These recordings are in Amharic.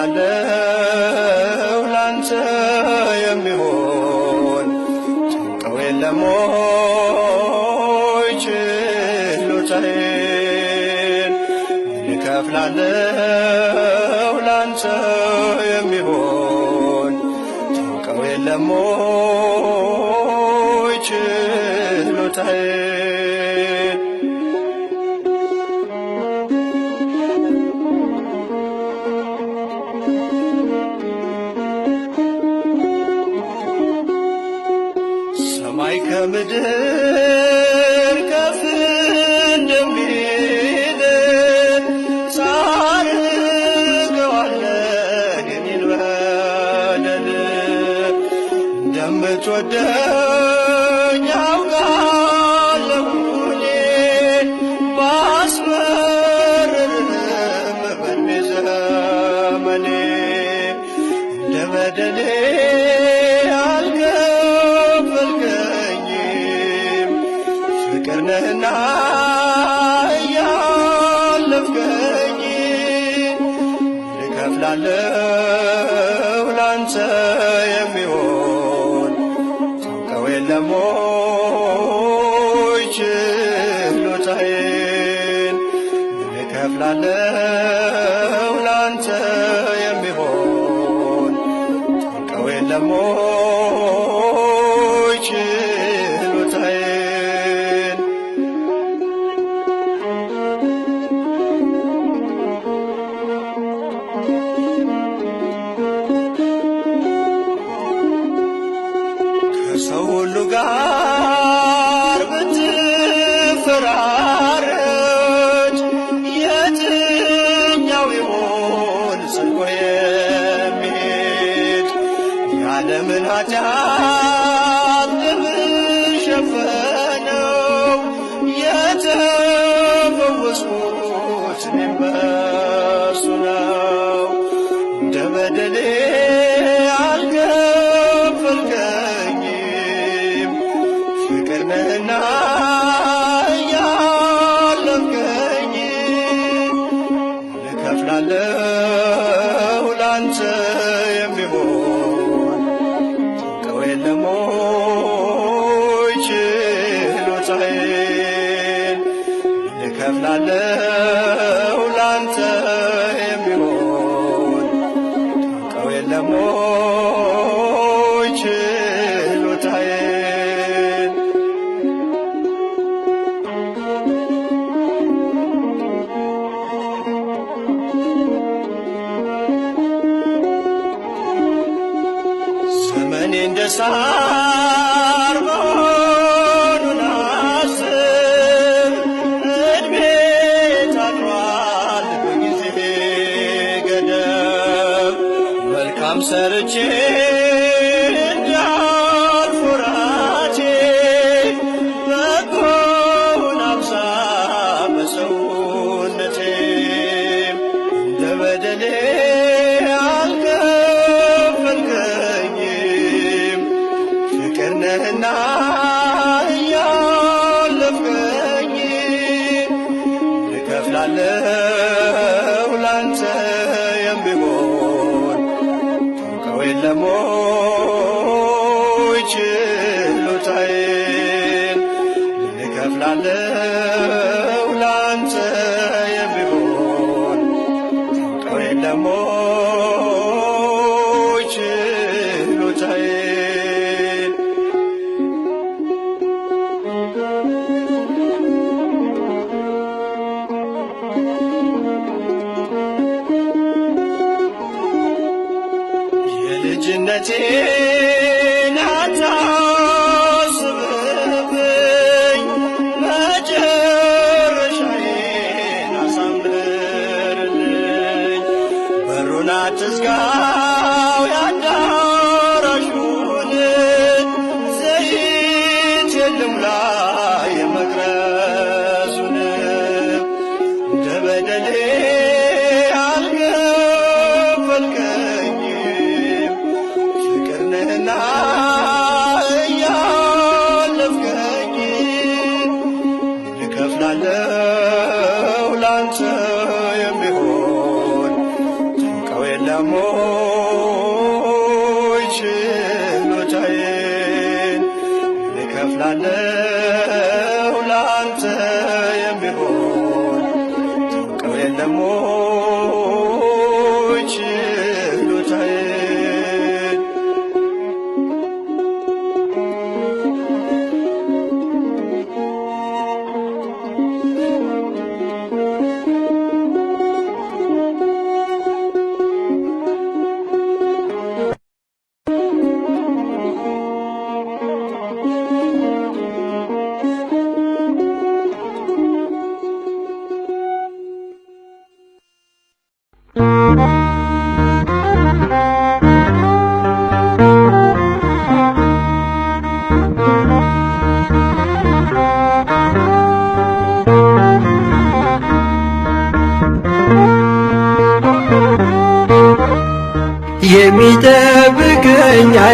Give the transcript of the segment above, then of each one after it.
ያለ በእርሱ ነው። እንደ በደሌ አልገፈልከኝም ፍቅር ነህና ያለፍከኝ ልከፍላለሁ ላንተ የሚሆን ጥንቀው የለሞ ችሎታዬ እከፍላለሁ ላንተ ልጅነቴ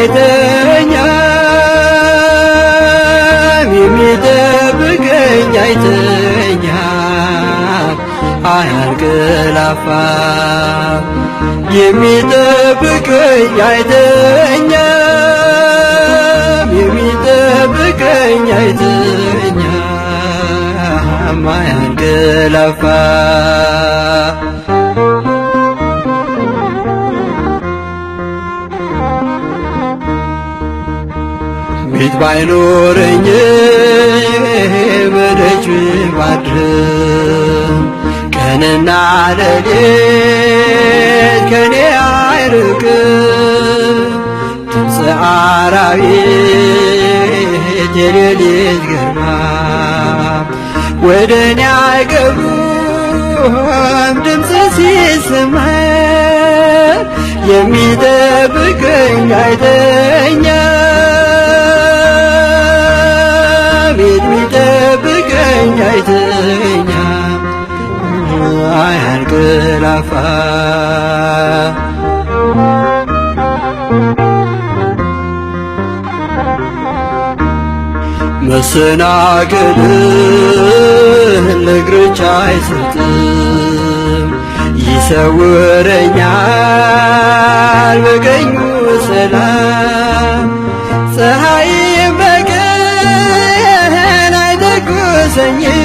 አይተኛም የሚጠብቀኝ አይተኛም አያንቀላፋም የሚጠብቀኝ አይተኛም የሚጠብቀኝ አይተኛም አያንቀላፋም ፊት ባይኖረኝ በደጅ ባድር ቀንና ሌሊት ከኔ አይርቅ ድምፅ አራዊት የሌሊት ግርማ ወደ እኔ አይገቡም ድምፅ ሲሰማ የሚጠብቀኝ አይተኛ አይተኛም አያንቀላፋ መሰናክልን ለእግሮች አይሰጥም ይሰውረኛል በቀኙ ሰላም ፀሐይም በቀን አይተኩሰኝም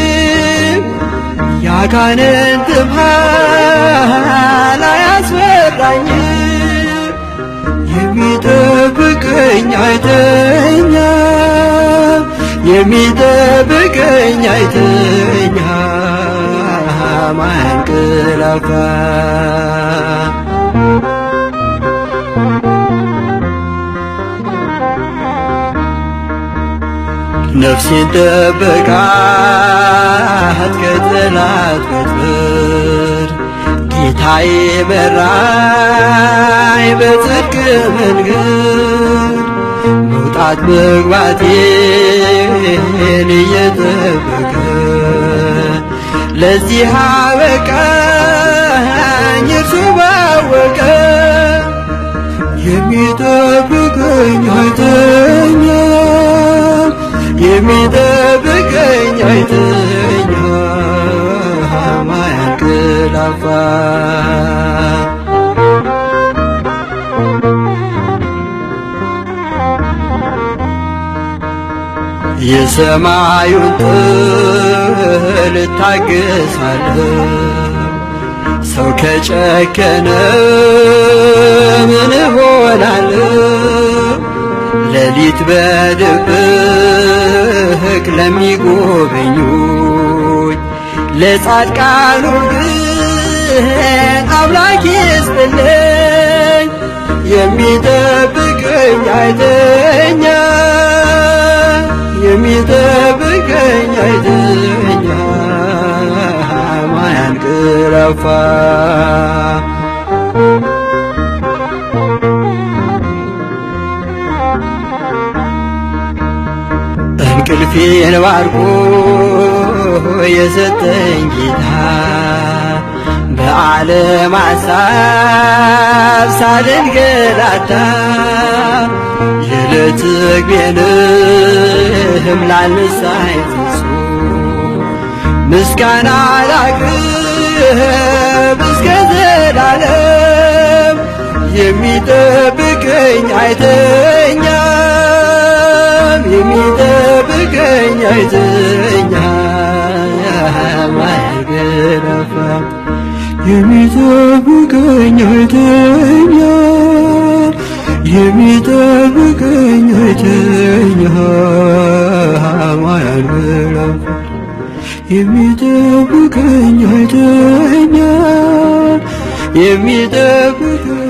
መካንን ትምሃል አያስፈራኝ የሚጠብቀኝ አይተኛ የሚጠብቀኝ ነፍሴን ደበቃት ከጠላት ቀንበር ጌታዬ መራኝ በጽድቅ መንገድ መውጣት መግባቴን እየጠበቀ ለዚህ አበቃኝ እርሱ ባወቀ ወይንኛ ማያንቅላፋ የሰማዩን ጥል እታገሳለሁ ሰው ከጨከነ ምን እሆናለሁ ሌሊት በድብቅ በጽድቅ ለሚጎበኙኝ ለጻድቃኑ ግን አምላክ ይስጥልኝ። የሚጠብቀኝ አይተኛ የሚጠብቀኝ አይተኛ ማያንቅራፋ እንቅልፌን ባርኮ የሰጠኝ ጌታ በዓለም አሳብ ሳልንገላታ የዕለት ምግቤንም ላልንሳይ ትንሱ ምስጋና ላቅርብ እስከ ዘላለም የሚጠብቀኝ አይተኛም የሚ ዘይትኛ ማይገረፋ የሚጠብቀኝ አይተኛ የሚጠብቀኝ አይተኛ ማያንገላፋ የሚጠብቀኝ አይተኛ የሚጠብቀኝ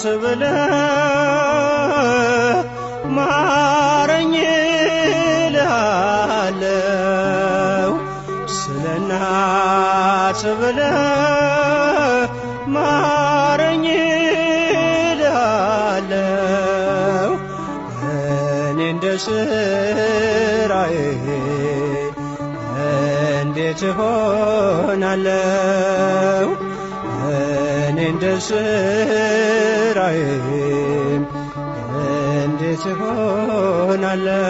ራስ ብለ ማረኝ ልሃለው ስለ እናት ብለ ማረኝ እኔ እንደ ስራዬ እንዴት ሆናለው ስራዬም እንዴት ሆናለው?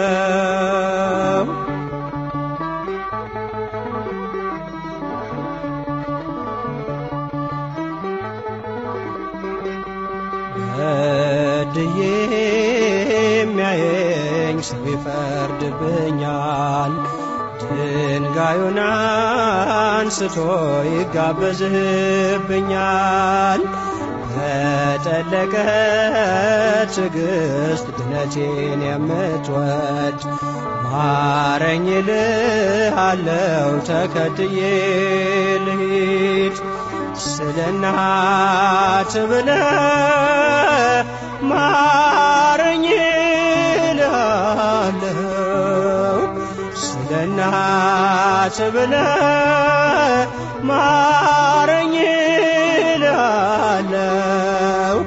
በድዬ የሚያየኝ ሰው ይፈርድብኛል። ድንጋዩን አንስቶ ይጋበዝብኛል! በጠለቀ ትዕግሥት ድነቴን የምትወድ ማረኝ ልሃለው ተከትዬ ልሂድ ስለ እናት ብለህ ራስ ማረኝ ላለው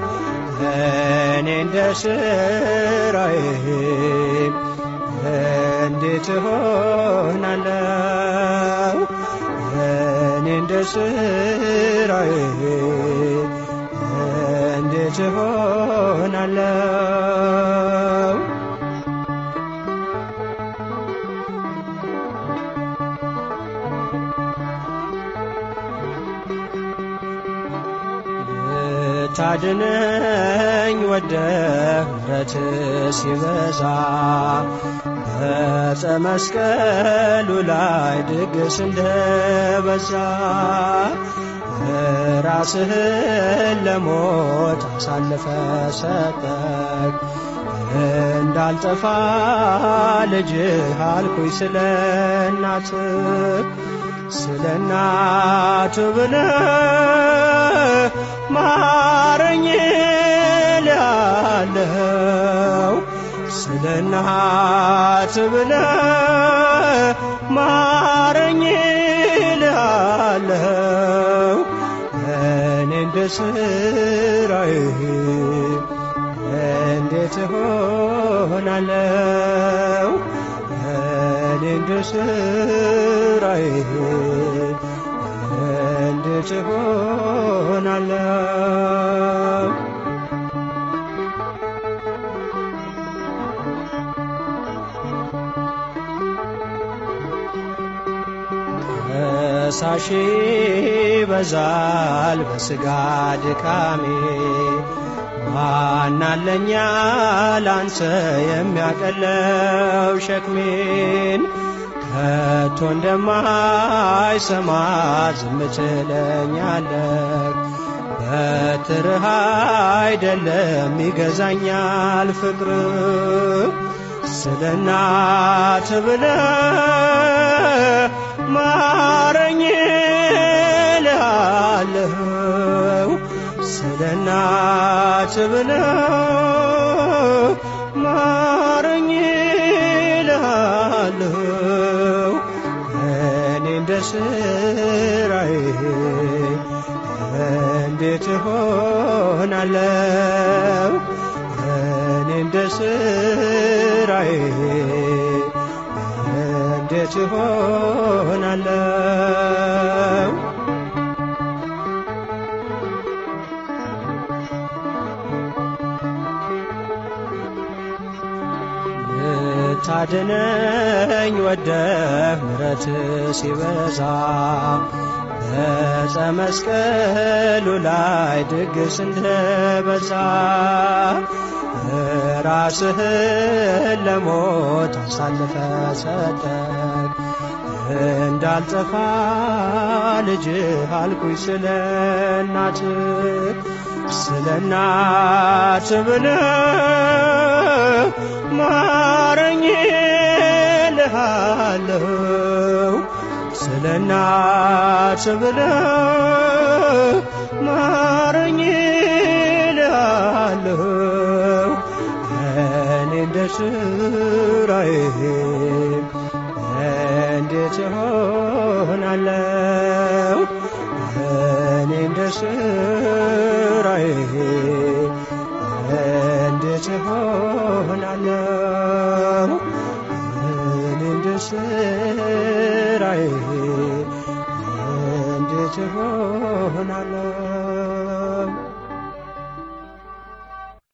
እኔ እንደ ስራዬ እንዴት ሆናለው? እኔ እንደ ስራዬ እንዴት ሆ ሳድነኝ ወደ ምረት ሲበዛ በዕፀ መስቀሉ ላይ ድግስ እንደበዛ ራስህን ለሞት አሳልፈ ሰጠህ እንዳልጠፋ ልጅህ አልኩኝ ስለ እናትህ ስለ እናቱ ብለህ ማረኝ ላለው ስለ እናት ብለ ማረኝ ላለው እኔ እንደ ስራዬ እንዴት ሆናለው እኔ እንደ ስራዬ እንደ ዕጽ ሆናለሁ። ከሳሼ ይበዛል ድካሜ ማን አለኛል የሚያቀለው ሸክሜን ከቶ እንደማይሰማ ዝም ትለኛለህ። በትርህ አይደለም ይገዛኛል ፍቅር ስለ እናት ብለህ ማረኝ ልሃለሁ ስለ እናት ብለህ ስራዬ እንዴት ሆናለው እኔ እንደ እንዴት ሆናለው አድነኝ ወደህ ምረት ሲበዛ በዕፀ መስቀሉ ላይ ድግስ እንደበዛ ራስህን ለሞት አሳልፈ ሰጠህ እንዳልጠፋ ልጅህ አልኩኝ ስለ እናትህ ስለ እናት ብለህ ማረኝ እልሃለሁ ስለ እናት ብለህ ማረኝ እልሃለሁ እኔ እንደ ስራዬ